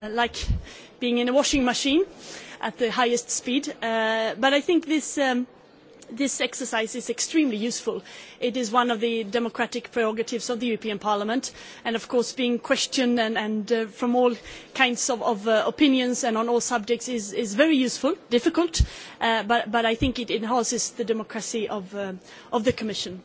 Uh, like being in a washing machine at the highest speed. Uh, but I think this, um, this exercise is extremely useful. It is one of the democratic prerogatives of the European Parliament, and of course being questioned and, and uh, from all kinds of, of uh, opinions and on all subjects is, is very useful, difficult, uh, but, but I think it enhances the democracy of, uh, of the Commission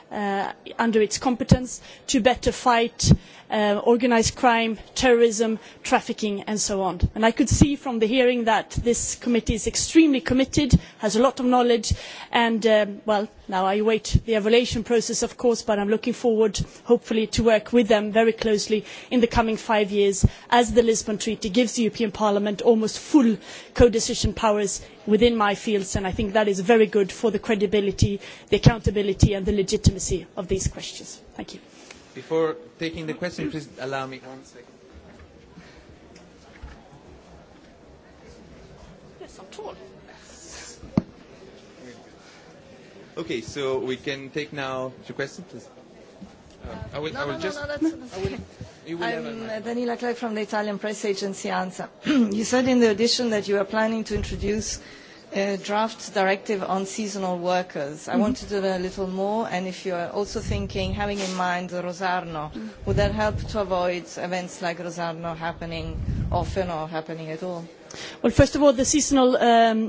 Uh, under its competence to better fight uh, organised crime, terrorism, trafficking and so on. And I could see from the hearing that this committee is extremely committed, has a lot of knowledge and, um, well, now I await the evaluation process of course, but I'm looking forward hopefully to work with them very closely in the coming five years as the Lisbon Treaty gives the European Parliament almost full co-decision powers within my fields, and I think that is very good for the credibility, the accountability, and the legitimacy of these questions. Thank you. Before taking the question, please allow me one second. Yes, I'm tall. Okay, so we can take now the question, please. Uh, I will. No, I will no, just. No, no, that's, that's I will, I'm uh, Daniela Clegg, from the Italian press agency ANSA. you said in the audition that you are planning to introduce a draft directive on seasonal workers. Mm -hmm. I mm-hmm. wanted to know a little more, and if you are also thinking, having in mind the Rosarno, mm -hmm. would that help to avoid events like Rosarno happening often or happening at all? Well, first of all, the seasonal um,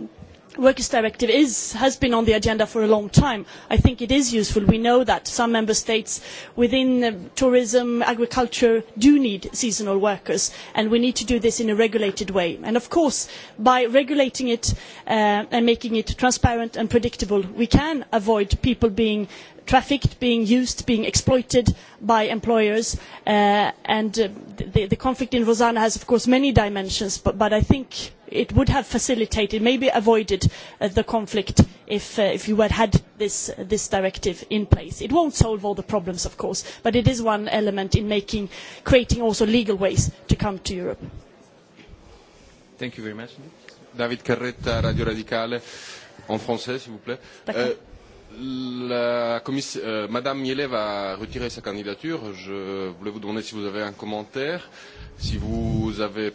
workers directive has been on the agenda for a long time. I think it is useful. We know that some member states within uh, tourism, and agriculture do need seasonal workers and we need to do this in a regulated way. of course, by regulating it uh, and making it transparent and predictable, we can avoid people being trafficked, being used, being exploited by employers. Uh, and uh, the, the, conflict in Rosanna has, of course, many dimensions, but, but I think it would have facilitated, maybe avoided uh, the conflict if, uh, if you had had this, this directive in place. It won't solve all the problems, of course, but it is one element in making, creating also legal ways to come to Europe. Thank you very much. David Carretta, Radio Radicale, en français, s'il vous plaît. La commission, euh, Madame Yelev a retiré sa candidature. Je voulais vous demander si vous avez un commentaire, si vous avez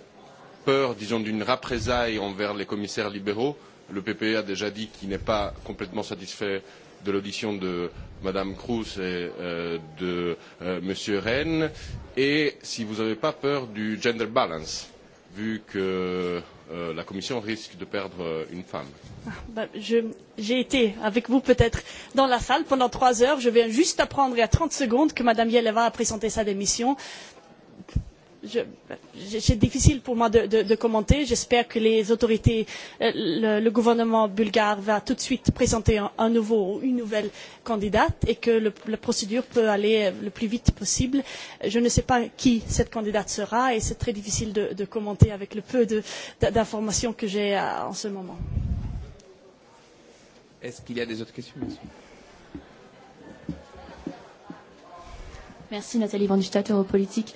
peur, disons, d'une représaille envers les commissaires libéraux. Le PPE a déjà dit qu'il n'est pas complètement satisfait de l'audition de Madame Cruz et euh, de euh, Monsieur Rennes, et si vous n'avez pas peur du gender balance vu que euh, la Commission risque de perdre euh, une femme ah, ben, J'ai été avec vous peut-être dans la salle pendant trois heures. Je viens juste apprendre il y a 30 secondes que Mme Yeleva a présenté sa démission c'est difficile pour moi de, commenter. J'espère que les autorités, euh, le, gouvernement bulgare va tout de suite présenter un, nouveau ou une nouvelle candidate et que la procédure peut aller euh, le plus vite possible. Je ne sais pas qui cette candidate sera et c'est très difficile de, commenter avec le peu d'informations que j'ai euh, en ce moment. Est-ce qu'il y a des autres questions Merci, Merci Nathalie Vandistat, Europolitique.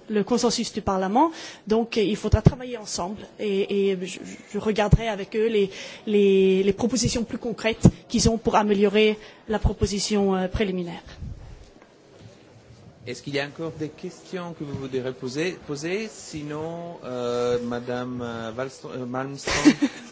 le consensus du Parlement. Donc il faudra travailler ensemble et, et je, je regarderai avec eux les, les, les propositions plus concrètes qu'ils ont pour améliorer la proposition euh, préliminaire. Est-ce qu'il y a encore des questions que vous voudriez poser, poser Sinon, euh, Madame euh, euh, Malmström.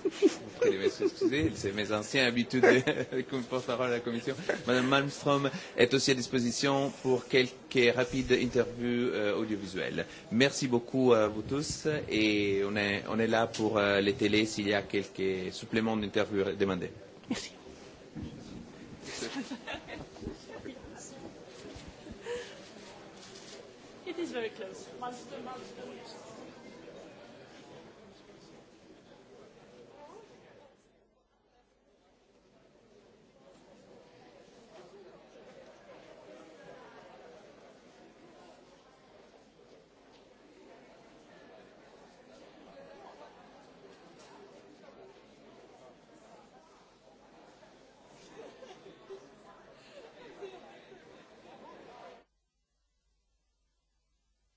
prie de m'excuser, c'est mes anciennes habitudes comme porte-parole de la Commission. Madame Malmström est aussi à disposition pour quelques rapides interviews euh, audiovisuelles. Merci beaucoup à vous tous et on est, on est là pour euh, les télés s'il y a quelques suppléments d'interviews demandés. Merci. It is very close. Monster, monster.